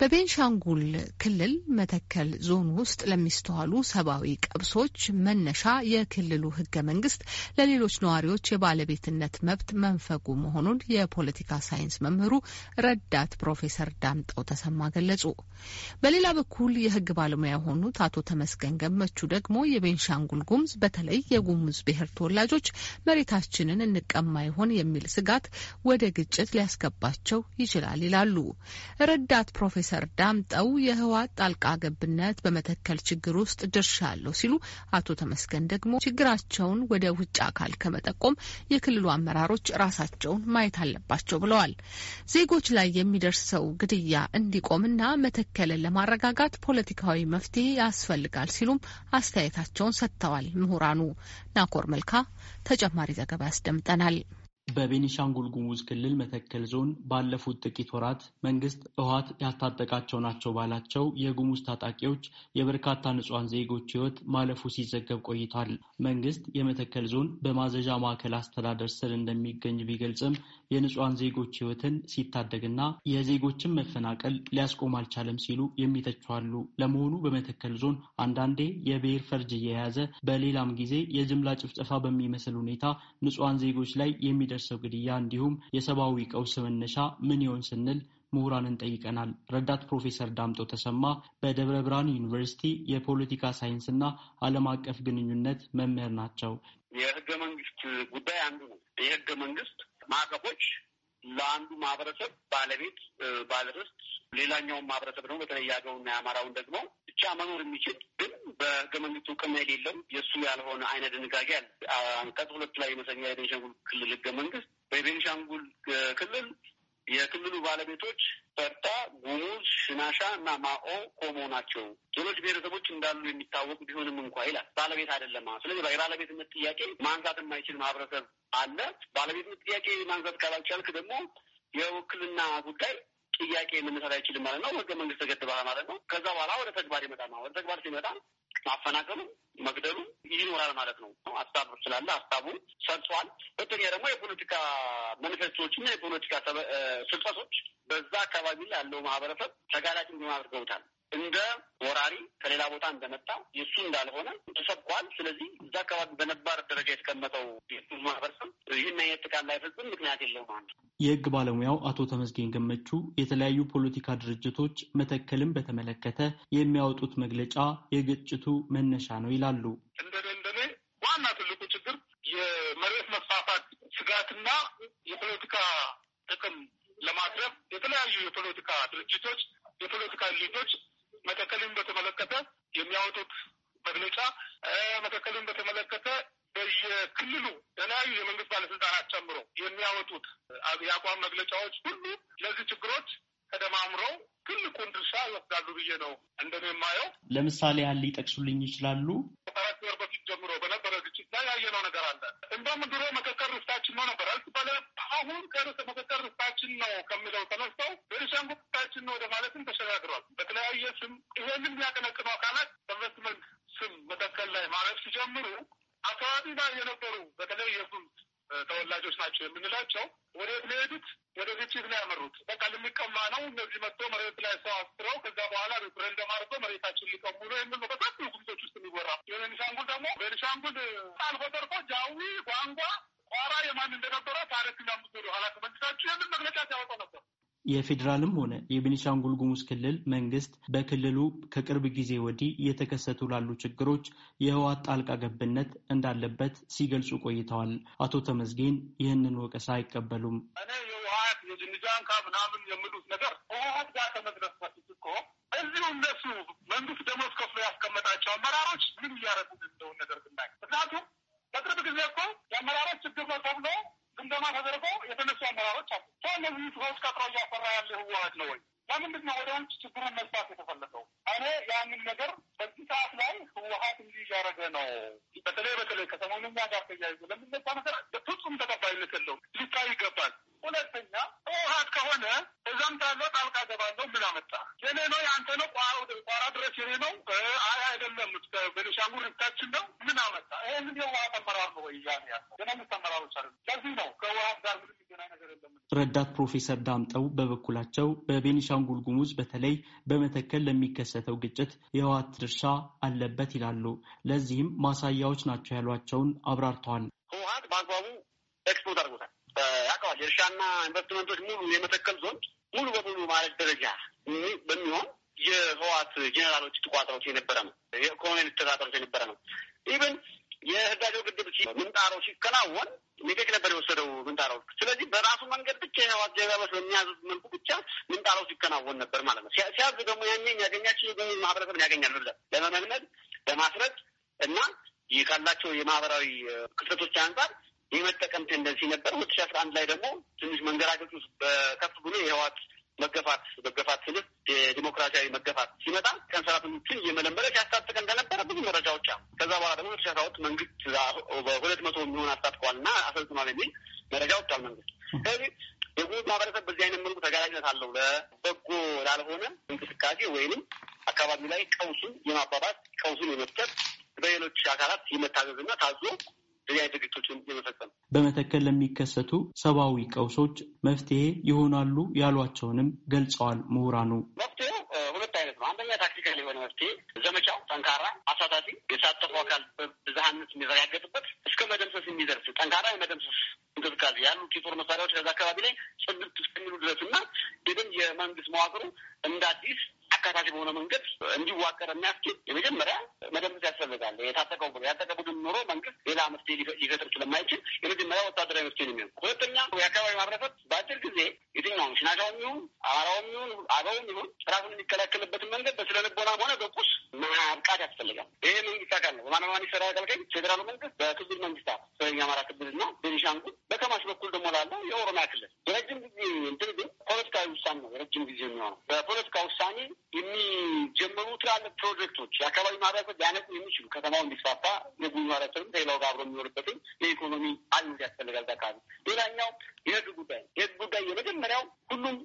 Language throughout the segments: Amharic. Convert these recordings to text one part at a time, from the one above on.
በቤንሻንጉል ክልል መተከል ዞን ውስጥ ለሚስተዋሉ ሰብአዊ ቀብሶች መነሻ የክልሉ ህገ መንግስት ለሌሎች ነዋሪዎች የባለቤትነት መብት መንፈጉ መሆኑን የፖለቲካ ሳይንስ መምህሩ ረዳት ፕሮፌሰር ዳምጠው ተሰማ ገለጹ። በሌላ በኩል የህግ ባለሙያ የሆኑት አቶ ተመስገን ገመቹ ደግሞ የቤንሻንጉል ጉሙዝ በተለይ የጉሙዝ ብሔር ተወላጆች መሬታችንን እንቀማ ይሆን የሚል ስጋት ወደ ግጭት ሊያስገባቸው ይችላል ይላሉ። ረዳት ፕሮፌ ፕሮፌሰር ዳምጠው የህወሓት ጣልቃ ገብነት በመተከል ችግር ውስጥ ድርሻ አለው ሲሉ፣ አቶ ተመስገን ደግሞ ችግራቸውን ወደ ውጭ አካል ከመጠቆም የክልሉ አመራሮች ራሳቸውን ማየት አለባቸው ብለዋል። ዜጎች ላይ የሚደርሰው ግድያ እንዲቆምና መተከልን ለማረጋጋት ፖለቲካዊ መፍትሄ ያስፈልጋል ሲሉም አስተያየታቸውን ሰጥተዋል። ምሁራኑ ናኮር መልካ ተጨማሪ ዘገባ ያስደምጠናል። በቤኒሻንጉል ጉሙዝ ክልል መተከል ዞን ባለፉት ጥቂት ወራት መንግስት እዋት ያስታጠቃቸው ናቸው ባላቸው የጉሙዝ ታጣቂዎች የበርካታ ንጹሐን ዜጎች ህይወት ማለፉ ሲዘገብ ቆይቷል። መንግስት የመተከል ዞን በማዘዣ ማዕከል አስተዳደር ስር እንደሚገኝ ቢገልጽም የንጹሐን ዜጎች ህይወትን ሲታደግና የዜጎችን መፈናቀል ሊያስቆም አልቻለም ሲሉ የሚተቸዋሉ። ለመሆኑ በመተከል ዞን አንዳንዴ የብሔር ፈርጅ እየያዘ በሌላም ጊዜ የጅምላ ጭፍጨፋ በሚመስል ሁኔታ ንጹሐን ዜጎች ላይ የሚደ የሚደርሰው ግድያ እንዲሁም የሰብአዊ ቀውስ መነሻ ምን ይሆን ስንል ምሁራንን ጠይቀናል። ረዳት ፕሮፌሰር ዳምጦ ተሰማ በደብረ ብርሃን ዩኒቨርሲቲ የፖለቲካ ሳይንስና ዓለም አቀፍ ግንኙነት መምህር ናቸው። የህገ መንግስት ጉዳይ አንዱ ነው። የህገ መንግስት ማዕቀፎች ለአንዱ ማህበረሰብ ባለቤት ባለርስት፣ ሌላኛውን ማህበረሰብ ደግሞ በተለይ ያገውና የአማራውን ደግሞ ብቻ መኖር የሚችል በህገ ቅም የሌለው የእሱ ያልሆነ አይነ ድንጋጌ አለ። አንቀጽ ሁለት ላይ ይመስለኛል የቤንሻንጉል ክልል ህገ መንግስት በቤንሻንጉል ክልል የክልሉ ባለቤቶች ፈርታ፣ ጉሙዝ፣ ሽናሻ እና ማኦ ኮሞ ናቸው። ሌሎች ብሔረሰቦች እንዳሉ የሚታወቅ ቢሆንም እንኳ ይላል ባለቤት አይደለም። ስለዚህ የባለቤትነት ጥያቄ ማንሳት የማይችል ማህበረሰብ አለ። ባለቤትነት ጥያቄ ማንሳት ካላልቻልክ ደግሞ የውክልና ጉዳይ ጥያቄ መነሳት አይችልም ማለት ነው። ህገ መንግስት ተገድበሃል ማለት ነው። ከዛ በኋላ ወደ ተግባር ይመጣል። ወደ ተግባር ሲመጣ ማፈናቀሉ መግደሉ ይኖራል ማለት ነው። ሀሳብ ስላለ ሀሳቡ ሰጥቷል። ሁለተኛ ደግሞ የፖለቲካ ማኒፌስቶዎችና የፖለቲካ ስልጠቶች በዛ አካባቢ ላይ ያለው ማህበረሰብ ተጋላጭ እንዲሆን አድርገውታል። እንደ ወራሪ ከሌላ ቦታ እንደመጣ የእሱ እንዳልሆነ ተሰብኳል። ስለዚህ እዛ አካባቢ በነባር ደረጃ የተቀመጠው ማህበረሰብ ይህን አይነት ጥቃት ላይፈጽም ምክንያት የለውም። አንድ የህግ ባለሙያው አቶ ተመስገን ገመቹ የተለያዩ ፖለቲካ ድርጅቶች መተከልን በተመለከተ የሚያወጡት መግለጫ የግጭቱ መነሻ ነው ይላሉ። እንደኔ እንደኔ ዋና ትልቁ ችግር የመሬት መስፋፋት ስጋትና የፖለቲካ ጥቅም ለማድረግ የተለያዩ የፖለቲካ ድርጅቶች የፖለቲካ ሊቶች መተከልን በተመለከተ የሚያወጡት መግለጫ መተከልን በተመለከተ በየክልሉ የተለያዩ የመንግስት ባለስልጣናት ጨምሮ የሚያወጡት የአቋም መግለጫዎች ሁሉ ለዚህ ችግሮች ተደማምረው ትልቁን ድርሻ ይወስዳሉ ብዬ ነው እንደኔ የማየው። ለምሳሌ ያህል ሊጠቅሱልኝ ይችላሉ? ከአራት ወር በፊት ጀምሮ በነበረ ግጭት ላይ ያየነው ነገር አለ። እንደውም ድሮ መካከል ርስታችን ነው ነበር እርስ በለ አሁን ከርስ መካከል ርስታችን ነው ከሚለው ተነስተው ቤኒሻንጉል ርስታችን ነው ወደ ማለትም ተሸጋግሯል። በተለያየ ስም ይሄንን የሚያቀነቅኑ አካላት በኢንቨስትመንት ስም መካከል ላይ ማለት ሲጀምሩ አካባቢ ላይ የነበሩ በተለይ የሱም ተወላጆች ናቸው የምንላቸው ወደ ሚሄዱት ወደ ግጭት ነው ያመሩት። በቃ ልንቀማ ነው እነዚህ መጥቶ መሬት ላይ ሰው አስረው ከዛ በኋላ ሪፍረንደም አድርገው መሬታችን ሊቀሙ ነው የሚል ነው በጣም ጉምቶች ውስጥ የሚወራ የቤኒሻንጉል ደግሞ ቤኒሻንጉል አልፎ ተርፎ ጃዊ ጓንጓ ቋራ የማን እንደነበረ ታሪክ ና ምስሉ ኃላፊ መንግስታቸው የሚል መግለጫ ሲያወጣ ነበር። የፌዴራልም ሆነ የቤኒሻንጉል ጉሙዝ ክልል መንግስት በክልሉ ከቅርብ ጊዜ ወዲህ እየተከሰቱ ላሉ ችግሮች የህወሓት ጣልቃ ገብነት እንዳለበት ሲገልጹ ቆይተዋል። አቶ ተመስጌን ይህንን ወቀሳ አይቀበሉም። እኔ የህወሓት የጅንጃንካ ምናምን ነገር ህወሓት ጋር እኮ እዚሁ እነሱ መንግስት ደሞዝ ከፍሎ ያስቀመጣቸው አመራሮች ምን ነገር ብናይ ምክንያቱም በቅርብ ጊዜ እኮ የአመራሮች ችግር ነው ተብሎ ግምገማ ተደርጎ የተነሱ አመራሮች አሉ። እነዚህ ሰዎች ቀጥሮ እያፈራ ያለ ህወሀት ነው ወይ? ለምንድን ነው ወደ ውጭ ችግሩን መግባት የተፈለገው? እኔ ያንን ነገር በዚህ ሰዓት ላይ ህወሀት እንዲህ እያደረገ ነው። በተለይ በተለይ ከሰሞኑኛ ጋር ተያይዞ ለምንነሳ ነገር ፍጹም ተቀባይነት የለውም፣ ሊታይ ይገባል። ሁለተኛ ህወሀት ከሆነ እዛም ታለ ጣልቃ ገባለሁ ምን አመጣ? የኔ ነው የአንተ ነው ቋራ ድረስ የኔ ነው አይ አይደለም በቤኒሻንጉል ሪፕታችን ነው ምን አመጣ? ይህንን የህወሀት አመራር ነው ወይ ያ ያ የመንግስት አመራሮች አለ ከዚህ ነው ከህወሀት ጋር ምንም ረዳት ፕሮፌሰር ዳምጠው በበኩላቸው በቤኒሻንጉል ጉሙዝ በተለይ በመተከል ለሚከሰተው ግጭት የህወሀት ድርሻ አለበት ይላሉ። ለዚህም ማሳያዎች ናቸው ያሏቸውን አብራርተዋል። ህወሀት በአግባቡ እርሻና ኢንቨስትመንቶች ሙሉ የመተከል ዞን ሙሉ በሙሉ ማለት ደረጃ በሚሆን የህዋት ጄኔራሎች ተቋጥሮት የነበረ ነው። የኢኮኖሚ ተቋጥሮት የነበረ ነው። ኢቨን የህዳሴው ግድብ ምንጣሮ ሲከናወን ሚቴክ ነበር የወሰደው ምንጣሮ። ስለዚህ በራሱ መንገድ ብቻ የህዋት ጄኔራሎች በሚያዙት መልኩ ብቻ ምንጣሮ ሲከናወን ነበር ማለት ነው። ሲያዝ ደግሞ ያኔ የሚያገኛቸው ማህበረሰብን ያገኛል ብለ ለመመልመል ለማስረድ እና ይህ ካላቸው የማህበራዊ ክፍተቶች አንጻር የመጠቀም ቴንደንሲ ነበር። ሁለት ሺ አስራ አንድ ላይ ደግሞ ትንሽ መንገራገጭ ውስጥ በከፍ ብሎ የህዋት መገፋት መገፋት ስልት የዲሞክራሲያዊ መገፋት ሲመጣ ቀን ሰራተኞችን እየመለመለ ሲያስታጥቀ እንደነበረ ብዙ መረጃዎች አሉ። ከዛ በኋላ ደግሞ ሁለት ሺ አስራ ሁለት መንግስት በሁለት መቶ የሚሆን አስታጥቀዋል እና አሰልጥኗል የሚል መረጃ ወጥቷል መንግስት። ስለዚህ የጉብ ማህበረሰብ በዚህ አይነት መልኩ ተጋላጅነት አለው ለበጎ ላልሆነ እንቅስቃሴ ወይንም አካባቢ ላይ ቀውሱን የማባባት ቀውሱን የመፍጠር በሌሎች አካላት የመታዘዝና ታዞ ያ ድርጊቶችን የመፈጸም በመተከል ለሚከሰቱ ሰብአዊ ቀውሶች መፍትሄ ይሆናሉ ያሏቸውንም ገልጸዋል ምሁራኑ። መፍትሄው አይነት መፍትሄ ዘመቻው ጠንካራ፣ አሳታፊ የሳተፈው አካል ብዝሃነት የሚረጋገጥበት እስከ መደምሰስ የሚደርስ ጠንካራ የመደምሰስ እንቅስቃሴ ያሉት የጦር መሳሪያዎች ከዛ አካባቢ ላይ ጽድት እስከሚሉ ድረስ እና የመንግስት መዋቅሩ እንደ አዲስ አካታች በሆነ መንገድ እንዲዋቀር የሚያስችል የመጀመሪያ መደምት ያስፈልጋል። የታጠቀው ብሎ ያጠቀ ኖሮ መንግስት ሌላ መፍትሄ ሊፈጥር ስለማይችል የመጀመሪያ ወታደራዊ መፍትሄ የሚሆን ሁለተኛ፣ የአካባቢ ማህበረሰብ በአጭር ጊዜ የትኛውም ሽናሻውም ይሁን አማራውም ይሁን አገውም ይሁን ራሱን የሚከላከልበትን መንገድ በስነ ልቦናም ሆነ በቁስ ማብቃት ያስፈልጋል። ይሄ መንግስት አካል ነው። በማንማን ይሰራ ያገልገኝ ፌዴራሉ መንግስት በክልል መንግስታት በኛ አማራ ክልልና ቤኒሻንጉል በከማሽ በኩል ደግሞ ላለው የኦሮሚያ ክልል የረጅም ጊዜ እንትን ግን ፖለቲካዊ ውሳኔ ነው። የረጅም ጊዜ የሚሆነው ፕሮጀክቶች የአካባቢ ማህበረሰብ ሊያነጽ የሚችሉ ከተማው እንዲስፋፋ የጉ ማህበረሰብም ከሌላው ጋር አብሮ የሚኖርበትን የኢኮኖሚ አል ያስፈልጋል። አካባቢ ሌላኛው የህዝብ ጉዳይ የህዝብ ጉዳይ የመጀመሪያው ሁሉም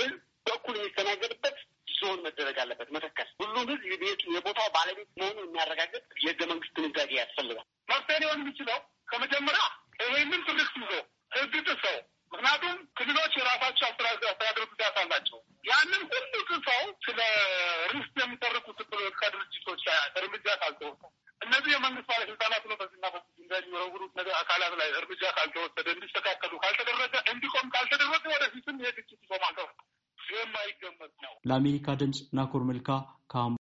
ግን በኩል የሚስተናገድበት ዞን መደረግ አለበት። መተከል ሁሉም ህዝብ የቤቱ የቦታው ባለቤት መሆኑን የሚያረጋግጥ የህገ መንግስት ድንጋጌ ያስፈልጋል። መፍትሄ ሊሆን የሚችለው ከመጀመሪያ ይህንን ትርክት ይዞ ህግ ጥሰው ምክንያቱም ክልሎች የራሳቸው አስተዳደር ጉዳት አላቸው። ያንን ሁሉ ጥሰው ስለ ርስት የሚጠርቁት የመንግስት ባለስልጣናት ነው በዚህና በዚህ ድንጋይ የሚወረውሩት ነገር አካላት ላይ እርምጃ ካልተወሰደ እንዲስተካከሉ ካልተደረገ እንዲቆም ካልተደረገ ወደፊትም ይህ ግጭት ይቆማል። የማይገመት ነው። ለአሜሪካ ድምፅ ናኮር መልካ ከአምቦ